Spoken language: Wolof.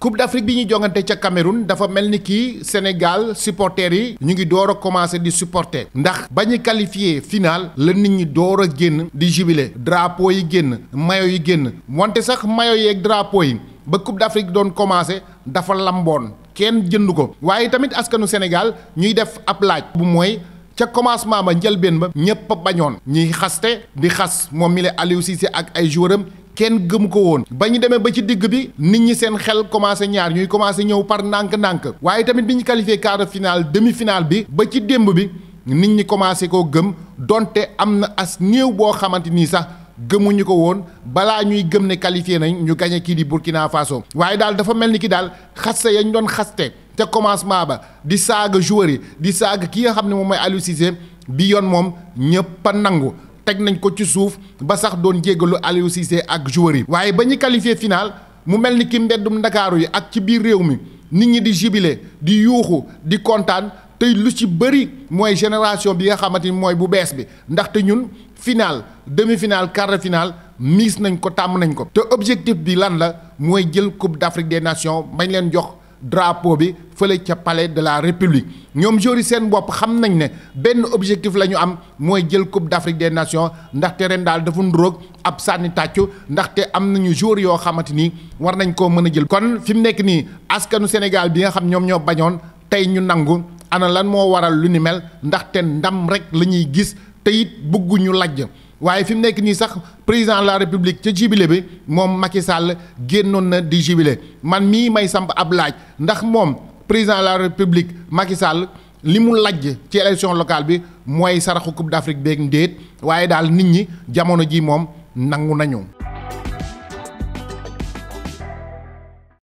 coupe d'Afrique bi ñuy jongante ca Cameroun dafa mel ni kii Sénégal supporters yi ñu ngi door a commencé di supporter ndax bañ ñu qualifié final la nit ñi door a génn di jubilé drapo yi génn mayo yi génn wante sax mayo yeeg drapeau yi ba coupe d'Afrique doon commencé dafa lamboon kenn jënd ko waaye tamit askanu Sénégal ñuy def ab laaj bu mooy ca commencement ma njëlbeen ba ñëpp bañoon ñuy xaste di xas moom mi la ak ay jouram kenn gëmu ko woon ba ñu demee ba ci digg bi nit ñi seen xel commencé ñaar ñuy commencé ñëw par ndànk-ndànk waaye tamit bi ñu qualifié quart de finale demi finale bi ba ci démb bi nit ñi commencé koo gëm donte am na as néew boo xamante nii sax gëmuñu ko woon balaa ñuy gëm ne qualifié nañ ñu gagné kii di Burkina Faso waaye daal dafa mel ni ki daal xaste yañ doon xaste ca commencement ba di saaga joueur yi di saaga ki nga xam ne moom mooy Aliou bi yoon moom ñëpp a nangu teg nañ ko ci suuf ba sax doon jéggalu Aliou ak joueur yi waaye ba ñu qualifié final mu mel ni ki mbeddum ndakaaru yi ak ci biir réew mi nit ñi di jibile di yuuxu di kontaan tey lu ci bëri mooy génération bi nga xamante ni mooy bu bees bi ndaxte ñun final demi-finale quart de finale miis nañ ko tàmm nañ ko te objectif bi lan la mooy jël coupe d'Afrique des nations bañ leen jox drapeau bi fële ca palais de la république ñoom jori seen bopp xam nañ ne benn objectif la ñu am mooy jël coupe d'Afrique des nations ndaxte ren daal dafa nduróog ab sànni tàccu ndaxte am nañu jour yoo xamante ni war nañ ko mën a jël. kon fi mu nekk nii askanu Sénégal bi nga xam ñoom ñoo bañoon tey ñu nangu ana lan moo waral lu ni mel ndaxte ndam rek la ñuy gis te it bëgguñu lajj. waaye fi mu nekk nii sax président la république ca jibile bi moom Macky Sall génnoon na di jibile man mii may samp ab laaj ndax moom président la république Macky Sall li mu lajj ci élection locale bi mooy saraxu coupe d'Afrique beeg ndéet waaye daal nit ñi jamono ji moom nangu nañu.